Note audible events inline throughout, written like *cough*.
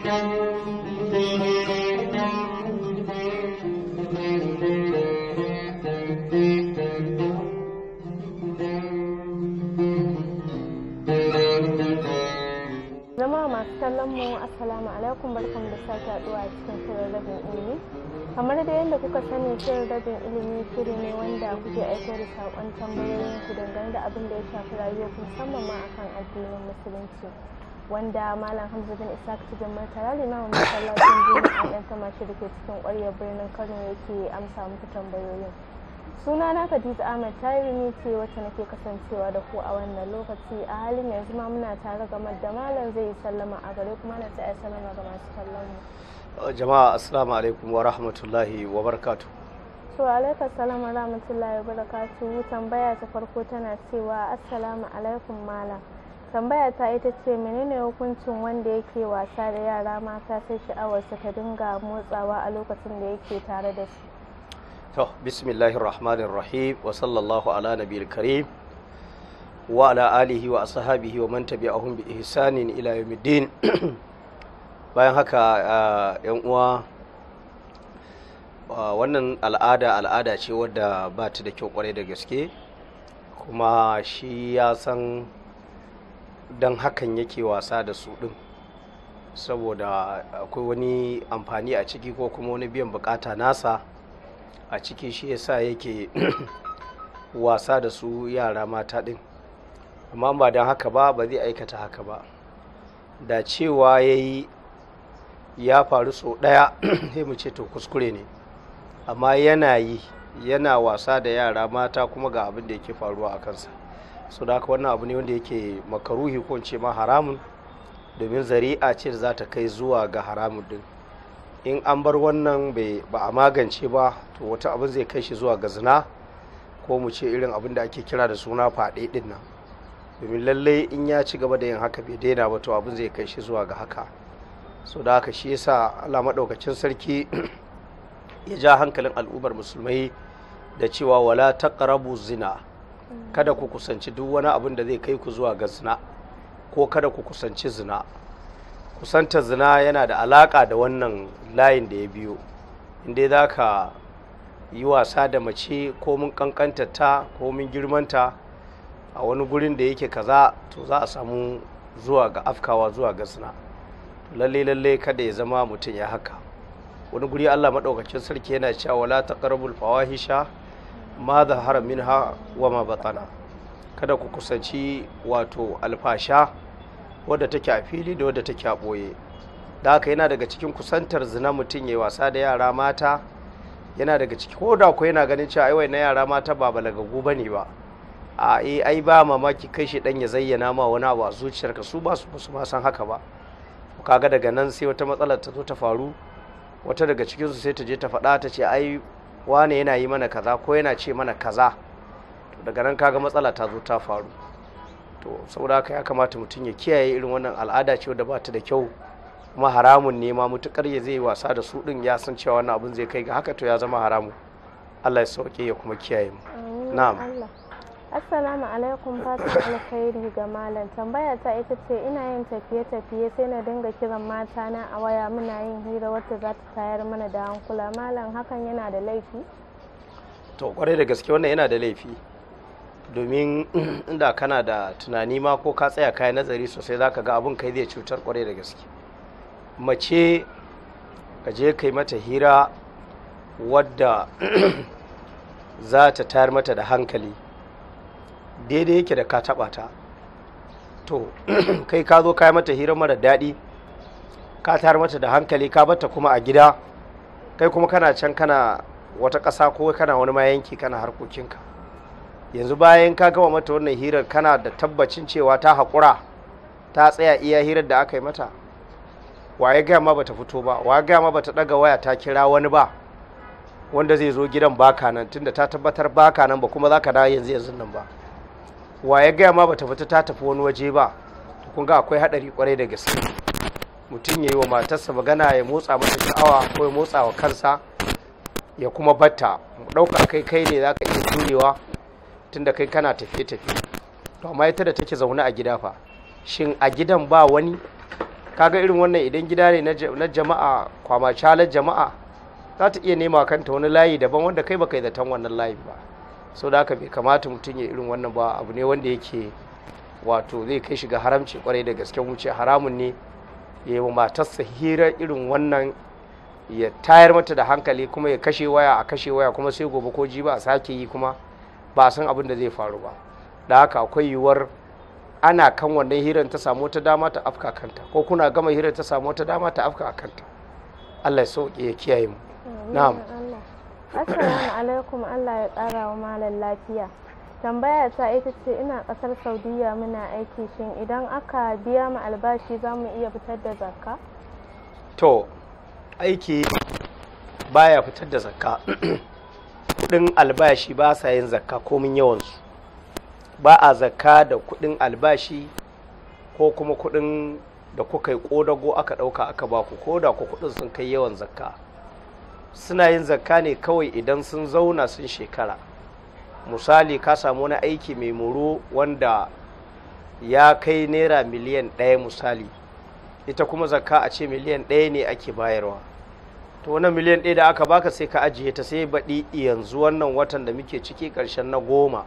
mu assalamu alaikum barkan da sake haduwa cikin shirin rabin ilimi kamar da yadda kuka sani shirin rabin ilimi shiri ne wanda kuke aiko da saƙon tambayoyin ku dangane da abin da ya shafi rayuwa musamman ma akan addinin musulunci wanda malam hamza bin isaac cikin murtala limamin masallacin juma'a yan tamashi da ke cikin ƙwaryar birnin kano yake amsa muku tambayoyin suna na khadija ahmed tayiri ne ce wacce nake kasancewa da ku a wannan lokaci a halin yanzu ma muna tare game da malam zai yi sallama a gare kuma na ta sallama ga masu kallon uh, jama'a assalamu alaikum wa rahmatullahi wa barakatuh to alaika salama rahmatullahi wa barakatuh tambaya ta farko tana cewa assalamu alaikum malam tambaya ta ita ce menene hukuncin wanda yake wasa da yara mata sai sha'awarsa ta dinga motsawa a lokacin da yake tare da su to bismillahir rahmanir wa sallallahu ala nabiyil karim wa ala alihi wa ashabihi wa man tabi'ahum bi ihsanin ila yawmiddin *clears throat* bayan haka yan uwa wannan al'ada al'ada ce wadda ba ta da kyau kwarai da gaske kuma shi ya san don hakan yake wasa da su ɗin saboda akwai wani amfani a ciki ko kuma wani biyan bukata nasa a ciki shi yasa yake *coughs* wasa da su yara mata ɗin amma ba don haka ba ba zai aikata haka ba da cewa ya yi ya faru sau ɗaya *coughs* sai mu ce to kuskure ne amma yana yi yana wasa da yara mata kuma ga abin da yake faruwa a kansa so da haka wannan abu ne wanda yake makaruhi ko ce ma haramun domin zari'a ce da za ta kai zuwa ga haramun din in an bar wannan ba a magance ba to wata abin zai kai shi zuwa ga zina ko mu ce irin abin da ake kira da suna faɗe din nan domin lallai in ya ci gaba da yin haka bai daina ba to abin zai kai shi zuwa ga haka so da haka shi yasa Allah maɗaukacin sarki *clears throat* ya ja hankalin al'ummar musulmai da cewa wala taqrabu zina kada ku kusanci duk wani abin da zai kai ku zuwa ga zina ko kada ku kusanci zina kusanta zina yana da alaƙa da wannan layin da ya biyo inda za ka yi wasa da mace ko mun kankanta ta ko mun girmanta a wani gurin da yake kaza to za a samu zuwa ga afkawa zuwa ga zina lalle lalle kada ya zama mutum ya haka wani guri Allah maɗaukacin sarki yana cewa la taqrabul fawahisha ma haramin ha wa ma batana kada ku kusanci wato alfasha wadda take a fili da wadda take a ɓoye da haka yana daga cikin kusantar zina mutum ya wasa da yara mata yana daga ciki ko da ku yana ganin cewa aiwai na yara mata ba balagagu ba ne ba a eh, ai ba mamaki kai shi ɗan ya zayyana ma wani abu a zuciyarka su ba su ma san haka ba kaga daga nan sai wata matsalar ta zo ta faru wata daga cikinsu sai ta je ta faɗa ta ce ai wane yana yi mana kaza ko yana ce mana kaza to daga nan kaga matsala ta zo ta faru to saboda haka ya kamata mutum ya kiyaye irin wannan al'ada ce da ba ta da kyau kuma haramun ne ma mutukar ya zai wasa da su din ya san cewa wannan abun zai kai ga haka to ya zama haramun Allah ya sauke ya kuma kiyaye mu na'am assalamu alaikum fatan alkhairi ga malam tambaya ta ita ce ina yin tafiye-tafiye sai na dinga kiran mata na a waya muna yin hira wacce za ta tayar mana da hankula malam hakan yana da laifi to kwarai da gaske wannan yana da laifi domin *clears throat* inda kana da tunani ma ko ka tsaya kayan nazari sosai zaka ga abin kai zai cutar kwarai da gaske mace ka je kai mata hira wadda *clears throat* za ta tayar mata da hankali daidai yake da ka taɓa ta to *clears throat* kai ka zo kai mata hira mara daɗi ka tayar mata da hankali ka bata kuma a gida kai kuma kana can kana wata ƙasa ko kana wani ma yanki kana harkokinka yanzu bayan ka gama mata wannan hirar kana da tabbacin cewa ta haƙura ta tsaya iya hirar da aka yi mata waye gaya ma bata fito ba waye gaya ma bata ɗaga waya ta kira wani ba wanda zai zo gidan baka nan tunda ta tabbatar baka nan ba kuma za ka da yanzu yanzu nan ba wa ya gaya ma bata fita ta tafi wani waje ba kun ga akwai hadari kwarai da gaske mutum ya yi wa matarsa magana ya motsa mata sha'awa ko ya motsa wa kansa ya kuma batta ɗauka kai kai ne za ka iya jurewa tunda kai kana tafiye-tafiye to amma ita da take zaune a gida fa shin a gidan ba wani kaga irin wannan idan gida ne na jama'a kwamacalar jama'a za ta iya nema kanta wani layi daban wanda kai baka yi zaton wannan layi ba so da haka bai kamata mutum ya irin wannan ba abu ne wanda yake wato zai kai shiga haramci kwarai da gaske wuce haramun ne ya yi matarsa hira irin wannan ya tayar mata da hankali kuma ya kashe waya a kashe waya kuma sai gobe ko jiba a sake yi kuma ba san abin da zai faru ba da haka akwai yiwuwar ana kan wannan hirar ta samu ta dama ta afka kanta ko kuna gama hirar ta samu ta dama ta afka kanta Allah ya sauke ya kiyaye mu na'am Assalamu alaikum Allah ya tsara wa malam lafiya. Tambaya ta ita ce ina ƙasar Saudiya muna aiki shin idan aka biya mu albashi za mu iya fitar da zakka? To, aiki baya fitar da zakka. *clears throat* Kuɗin albashi ba sa yin zakka komin yawansu. Ba a zakka da kuɗin albashi ko kuma kuɗin da kuka yi ƙodago aka ɗauka aka baku ko da ku kuɗin sun kai yawan zakka. suna yin zakka ne kawai idan sun zauna sun shekara misali ka samu wani aiki mai moro wanda ya kai naira miliyan ɗaya misali ita kuma zakka a ce miliyan ɗaya ne ake bayarwa to wani miliyan ɗaya da aka baka sai ka ajiye ta sai baɗi yanzu wannan watan da muke ciki ƙarshen na goma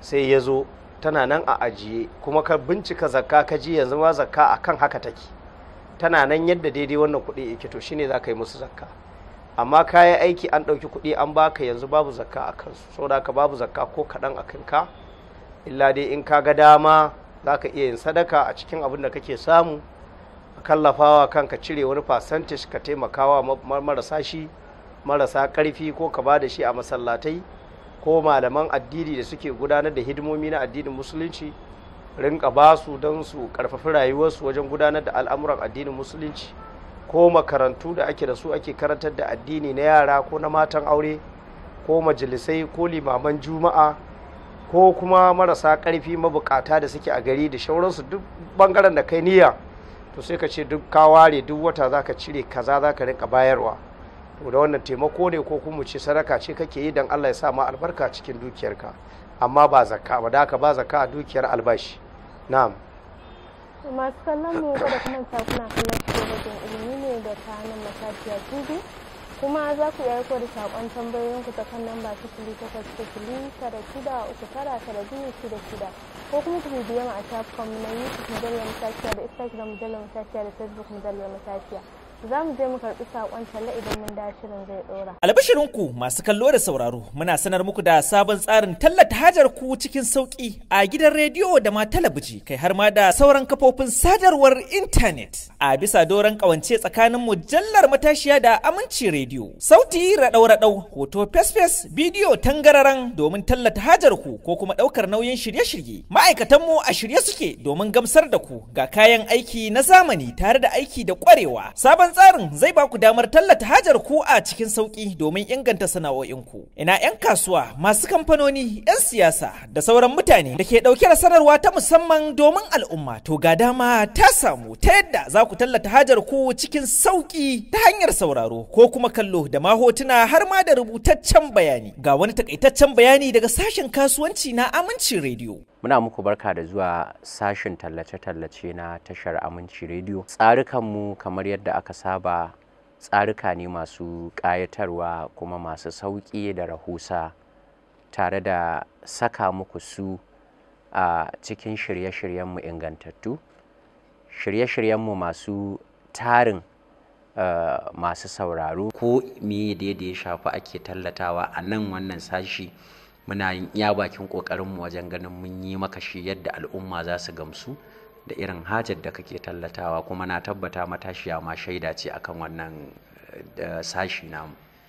sai ya zo tana nan a ajiye kuma ka bincika zakka ka ji yanzu ma zakka kan haka take tana nan yadda daidai wannan kuɗi yake to shine za ka yi musu zakka amma kayan aiki an ɗauki kuɗi an baka yanzu babu zakka a kansu saboda ka babu zakka ko kaɗan a kanka illa dai in ka ga dama za ka iya yin sadaka a cikin abin da kake samu a kallafawa kanka cire wani percentage ka taimakawa marasa shi marasa ƙarfi ko ka ba da shi a masallatai ko malaman addini da suke gudanar da hidimomi na addinin musulunci rinka ba su don su ƙarfafi rayuwarsu wajen gudanar da al'amuran addinin musulunci ko makarantu da ake da su ake karantar da addini na yara ko na matan aure ko majalisai ko limaman juma'a ko kuma marasa ƙarfi mabukata da suke a gari da shauransu duk bangaren da kai niyya to sai ka ce duk kaware duk wata za ka cire kaza za ka rinka bayarwa to da wannan taimako ne ko kuma ce sadaka ce kake yi don allah ya sa ma albarka cikin dukiyarka amma ba zakka ba da ka ba zakka a dukiyar albashi na'am masu kallon mu kada kuma ta kuna kallon wajen ilimi ne da ta hannun matashiya tv kuma za ku iya aiko da saƙon tambayoyin ku ta kan namba sifili takwas sifili tara shida uku tara tara biyu shida shida ko kuma ku bibiya mu a shafukan mu na youtube mujallar matashiya da instagram mujallar matashiya da facebook mujallar matashiya za mu je mu karɓi saƙon talla idan mun da shirin zai ɗora. Albashirinku masu kallo da sauraro muna sanar muku da sabon tsarin tallata hajar ku cikin sauƙi a gidan rediyo da ma talabiji kai har ma da sauran kafofin sadarwar intanet a bisa doron ƙawance tsakanin mujallar matashiya da aminci rediyo. Sauti raɗau-raɗau hoto fesfes bidiyo tangararan domin tallata hajar ku ko kuma ɗaukar nauyin shirye-shirye. Ma'aikatanmu a shirye suke domin gamsar da ku ga kayan aiki na zamani tare da aiki da ƙwarewa. Sabon tsarin zai baku damar tallata hajar ku a cikin sauki domin inganta sana'o'inku. Ina 'yan kasuwa, masu kamfanoni, 'yan siyasa da sauran mutane da ke ɗauke da sanarwa ta musamman domin al'umma. To ga dama ta samu ta yadda za ku tallata hajar ku cikin sauƙi ta hanyar sauraro ko kuma kallo da ma hotuna har ma da rubutaccen bayani. Ga wani takaitaccen bayani daga sashen kasuwanci na Amincin Rediyo. Muna muku barka da zuwa sashin tallace-tallace na tashar Aminci Radio. Tsarukanmu kamar yadda aka saba tsarika ne masu ƙayatarwa kuma masu sauƙi da rahusa tare da saka muku su a cikin shirye-shiryenmu ingantattu. Shirye-shiryenmu masu tarin Uh, masu sauraro ko me da ya shafi ake tallatawa a nan wannan sashi muna yin iya bakin ƙoƙarinmu wajen ganin mun yi maka shi yadda al'umma za su gamsu da irin hajar da kake tallatawa kuma na tabbata matashiya ma shaida ce akan wannan eh, sashi namu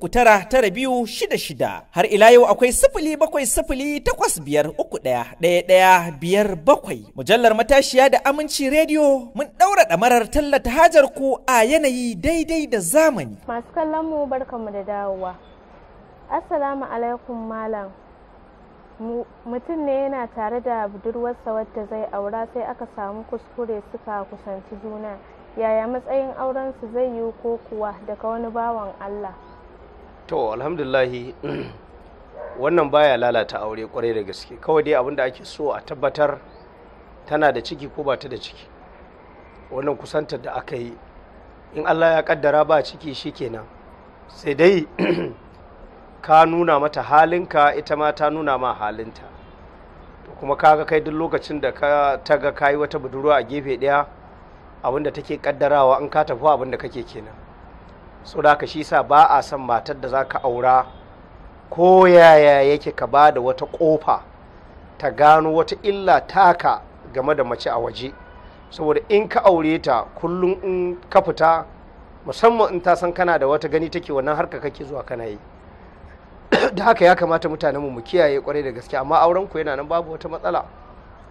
uku tara tara biyu shida shida har ila yau akwai sifili bakwai sifili takwas biyar uku ɗaya ɗaya ɗaya biyar bakwai mujallar matashiya da aminci rediyo mun ɗaura ɗamarar tallata hajar ku a yanayi daidai da zamani. masu kallon mu barkanmu da dawowa assalamu alaikum malam mutum ne yana tare da budurwarsa wadda zai aura sai aka samu kuskure suka kusanci juna yaya matsayin aurensu zai yi ko kuwa daga wani bawan Allah to alhamdulillahi *clears throat* wannan baya lalata aure kwarai da gaske kawai dai abinda ake so a tabbatar tana da ciki ko ba ta da ciki wannan kusantar da aka yi in allah ya kaddara ba ciki shi kenan sai dai *clears throat* ka nuna mata halinka ita ma ta nuna ma halinta to kuma kaga kai duk lokacin da ka taga kayi wata budurwa a gefe ɗaya abinda take kaddarawa in ka tafi abinda kake kenan saboda ka shi sa ba a son matar da za ka aura ko yaya yake ka ba da wata ƙofa ta gano wata illa taka game da mace a waje saboda in ka aure ta kullum in ka fita musamman in ta san kana da wata gani take wannan harka kake zuwa kana yi *coughs* da haka ya kamata mutanenmu mu kiyaye kwarai da gaske amma auren ku yana nan babu wata matsala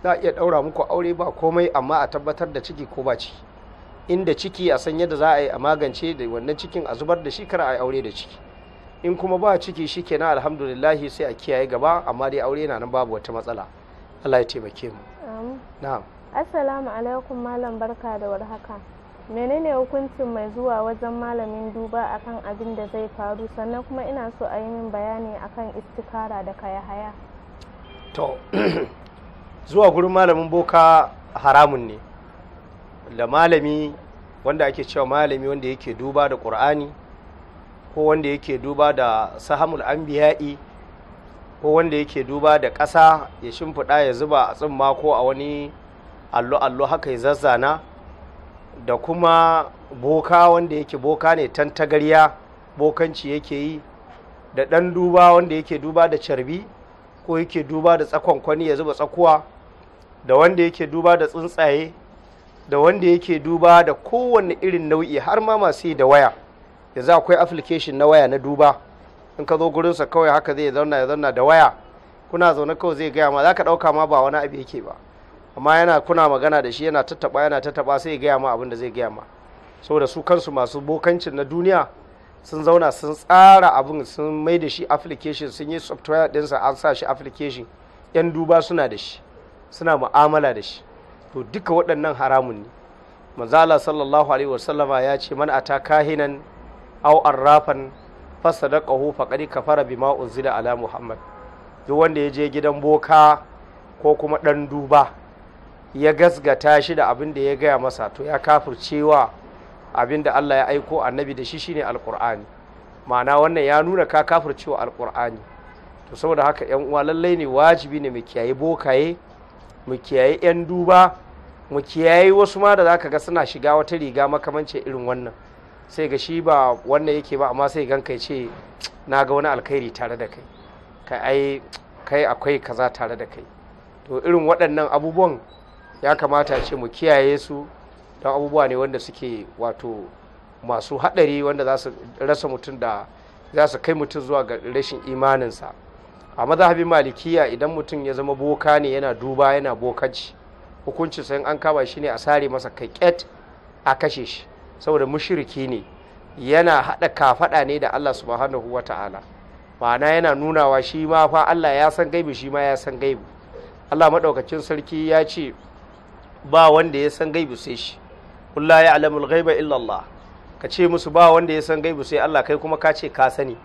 za a iya ɗaura muku aure ba komai amma a tabbatar da ciki ko ba ciki inda ciki a san yadda za a yi a magance da wannan cikin a zubar da shi kar a yi aure da ciki in kuma ba ciki shi ke na alhamdulillahi sai a kiyaye gaba amma dai aure na nan babu wata matsala Allah ya taimake mu na'am assalamu alaikum malam barka da warhaka menene hukuncin mai zuwa wajen malamin duba akan abin da zai faru sannan kuma ina so a yi min bayani akan istikara da haya to *clears throat* zuwa gurin malamin boka haramun ne da malami wanda ake cewa malami wanda yake duba da ƙur'ani ko wanda yake duba da sahamul anbiya'i ko wanda yake duba da ƙasa ya shimfiɗa ya zuba a tsumma ko a wani allo-allo haka ya zazzana da kuma boka wanda yake boka ne tantagarya bokanci yake yi da ɗan duba wanda yake duba da carbi ko yake duba da tsakon kwani ya zuba tsakuwa da wanda yake duba da tsuntsaye da wanda yake duba da kowanne irin nau'i har ma masu yi da waya ya za akwai application na waya na duba in ka zo gurinsa kawai haka zai zauna ya zauna da waya kuna zaune kawai zai gaya ma za ka ɗauka ma ba wani abu yake ba amma yana kuna magana da shi yana tattaɓa yana tattaɓa sai ya gaya ma abin da zai gaya ma saboda su kansu masu bokancin na duniya sun zauna sun tsara abin sun mai da shi application sun yi software ɗinsa an sa shi application 'yan duba suna da shi suna mu'amala da shi to duka waɗannan haramun ne manzala sallallahu alaihi wasallama ya ce man ata kahinan aw arrafan fasadaqahu faqad kafara bima unzila ala muhammad duk wanda ya je gidan boka ko kuma ɗan duba ya gasgata shi da abin da ya gaya masa to ya kafircewa abin da Allah ya aiko annabi da shi shine alqur'ani ma'ana wannan ya nuna ka kafircewa alqur'ani to saboda haka yan uwa lallai ne wajibi ne mu kiyaye bokaye mu kiyaye 'yan duba mu kiyaye wasu ma da zaka ga suna shiga wata riga makamance irin wannan sai ga shi ba wannan yake ba amma sai gan kai ce na ga wani alkhairi tare da kai kai ai kai akwai kaza tare da kai to irin waɗannan abubuwan ya kamata ce mu kiyaye su don abubuwa ne wanda suke wato masu haɗari wanda za su rasa mutum da za su kai mutum zuwa ga rashin imaninsa a mazhabin malikiya idan mutum ya zama boka ne yana duba yana bokanci hukuncin sai an kama shi ne a sare masa kaket a kashe shi saboda mushriki ne yana hada kafada ne da Allah subhanahu wata'ala ma'ana yana nunawa shi ma fa Allah ya san gaibi shi ma ya san gaibi Allah madaukakin sarki ya ce ba wanda ya san gaibi sai shi kullu ya'lamul alamul ghaiba illa Allah ka ce musu ba wanda ya san gaibi sai Allah kai kuma ka ce ka sani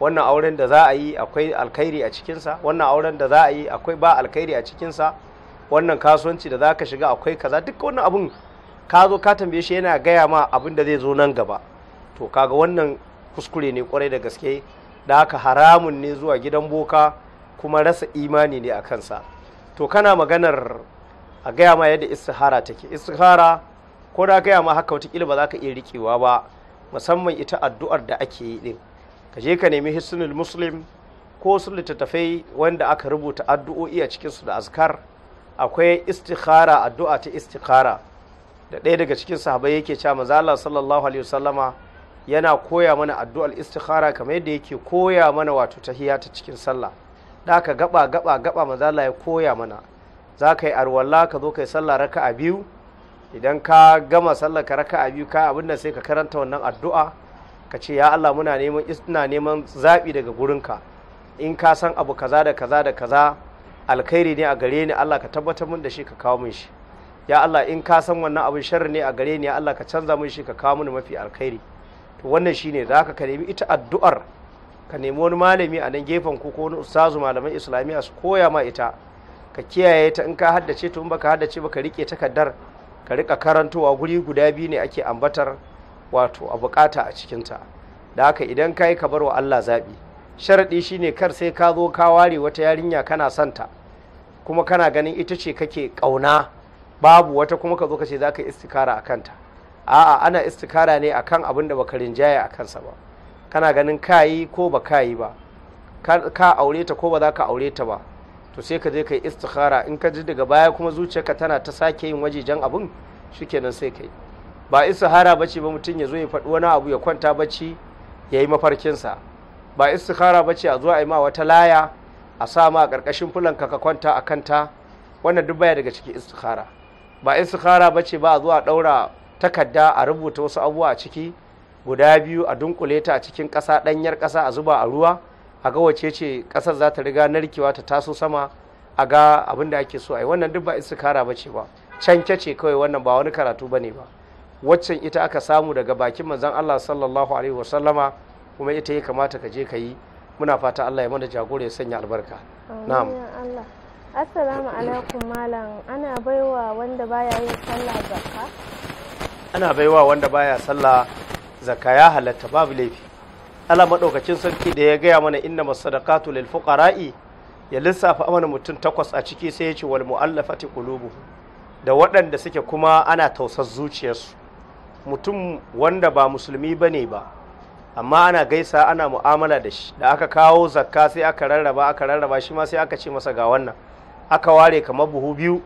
wannan auren da za a yi akwai alkhairi a cikinsa wannan auren da za a yi akwai ba alkhairi a cikinsa wannan kasuwanci da za ka shiga akwai kaza duk wannan abun ka zo ka tambaye shi yana gaya ma abin da zai zo nan gaba to kaga wannan kuskure ne kwarai da gaske da haka haramun ne zuwa gidan boka kuma rasa imani ne a kansa to kana maganar a gaya ma yadda istihara take istihara ko da gaya ma haka wata ba za ka iya riƙewa ba musamman ita addu'ar da ake yi din ka je ka nemi hisnul muslim ko su littattafai wanda aka rubuta addu'o'i a cikinsu da azkar akwai istikhara addu'a ta istikhara da ɗaya daga cikin sahabai yake cewa manzo Allah sallallahu alaihi wasallama yana koya mana addu'ar istikhara kamar yadda yake koya mana wato tahiyya ta cikin sallah da ka gaba gaba gaba manzo Allah ya koya mana za ka yi arwalla ka zo ka yi sallah raka'a biyu idan ka gama sallah ka raka'a biyu ka abin nan sai ka karanta wannan addu'a ka ce ya Allah muna neman neman zaɓi daga gurinka in ka san abu kaza da kaza da kaza alkhairi ne a gare ni Allah ka tabbatar mun da shi ka kawo mun shi ya Allah in ka san wannan abin sharri ne a gare ni Allah ka canza mun shi ka kawo mun mafi alkhairi to wannan shine zaka ka nemi ita addu'ar ka nemi wani malami a nan gefen ko wani ustazu malaman islamiyya su koya ma ita ka kiyaye ta in ka haddace to in baka haddace ba ka rike takardar ka rika karantowa guri guda biyu ne ake ambatar wato a bukata a cikinta da haka idan ka yi ka wa Allah zaɓi sharaɗi shine kar sai ka zo ka ware wata yarinya kana santa kuma kana ganin ita ce kake ƙauna babu wata kuma ka zo ka ce za ka istikara a kanta a'a ana istikara ne akan abin da baka rinjaye a kansa ba kana ganin ka yi ko ba ka yi ba ka aure ta ko ba za ka aure ta ba to sai ka je ka yi istikara in ka ji daga baya kuma zuciyarka tana ta sake yin wajejen abin shikenan sai kai. ba hara bace ba mutum ya zo ya faɗi wani abu ya kwanta bacci ya yi mafarkinsa ba hara bace a zo a yi ma wata laya a sa ma a ƙarƙashin fulanka ka kwanta a kanta wannan duk baya daga cikin istikhara ba istikhara bace ba a zo a ɗaura takarda a rubuta wasu abubuwa a ciki guda biyu a dunkule ta a cikin ƙasa ɗanyar ƙasa a zuba a ruwa a ga wace ce ƙasar za ta riga narkewa ta taso sama a ga abin da ake so a yi wannan duk ba istikhara bace ba can ce kawai wannan ba wani karatu bane ba waccan ita aka samu daga bakin manzan Allah sallallahu alaihi wasallama kuma ita ya kamata ka je ka yi muna fata Allah ya mana jagora ya sanya albarka na'am alaikum malam ana baiwa wanda baya yin sallah zakka ana ya halatta babu laifi Allah madaukakin sarki da ya gaya mana inna masadaqatu lil fuqara'i ya lissafa amana mutum takwas a ciki sai ya ce wal mu'allafati qulubuhum da waɗanda suke kuma ana tausar zuciyarsu mutum wanda ba musulmi ba ne ba amma ana gaisa ana mu'amala da shi da aka kawo zakka sai aka rarraba aka rarraba shi ma sai aka ce masa ga wannan aka ware kamar buhu biyu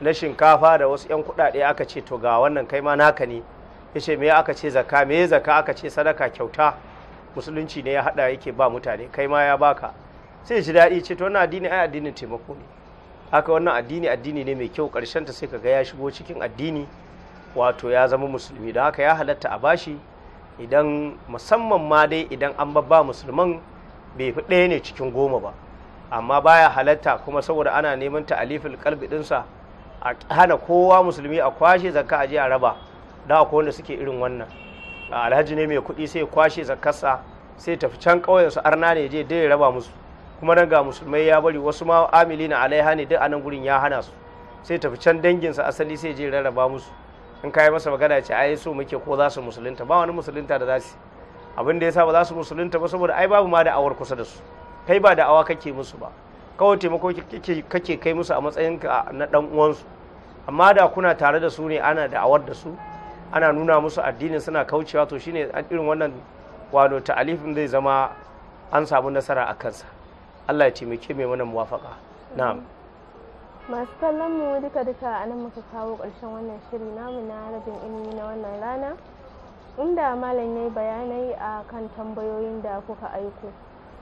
na shinkafa da wasu 'yan kuɗaɗe aka ce to ga wannan kai ma naka ne ya ce me aka ce zakka me zakka aka ce sadaka kyauta musulunci ne ya haɗa yake ba mutane kai ma ya baka sai ji daɗi ce to wannan addini ai addinin taimako ne haka wannan addini addini ne mai kyau ƙarshen ta sai ka ga ya shigo cikin addini wato ya zama musulmi da haka ya halatta a bashi idan musamman ma dai idan an babba musulman bai fi ɗaya ne cikin goma ba amma baya halatta kuma saboda ana neman ta ta'alifin kalbi ɗinsa a hana kowa musulmi a kwashe zakka a je a raba da akwai wanda suke irin wannan alhaji ne mai kuɗi sai kwashe zakkarsa sai tafi can ƙauyensu arna ne je dai raba musu kuma nan ga musulmai ya bari wasu ma amili na alaiha ne duk a nan gurin ya hana su sai tafi can danginsa asali sai je rarraba musu in yi masa magana ce ai so muke ko za su musulunta ba wani musulunta da za su abin da yasa ba za su musulunta ba saboda ai babu ma da awar kusa da su kai ba da awa kake musu ba kawai taimako kake kai musu a matsayinka na dan uwansu amma da kuna tare da su ne ana da awar da su ana nuna musu addinin suna kaucewa to shine irin wannan wano ta'alifin zai zama an samu nasara a kansa Allah ya taimake mai mana muwafaka na'am masu kallon mu duka duka a nan muka kawo ƙarshen wannan shiri namu na rabin ilimi na wannan rana inda malam ya yi bayanai a kan tambayoyin da kuka aiko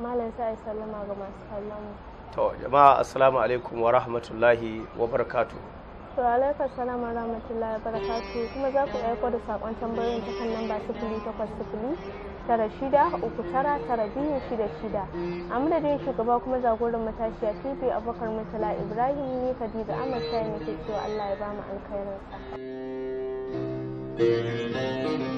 malam sai sallama ga masu kallon mu to jama'a assalamu alaikum wa rahmatullahi wa barakatuh to alaikar salam wa rahmatullahi wa barakatuh kuma za ku aiko da saƙon tambayoyin ta kan namba ba sifili takwas sifili tara shida uku tara tara biyu shida shida a madadin shugaba kuma jagoran matashiya tv abubakar murtala ibrahim ne khadija ahmad shayin ke cewa allah ya ba mu alkhairinsa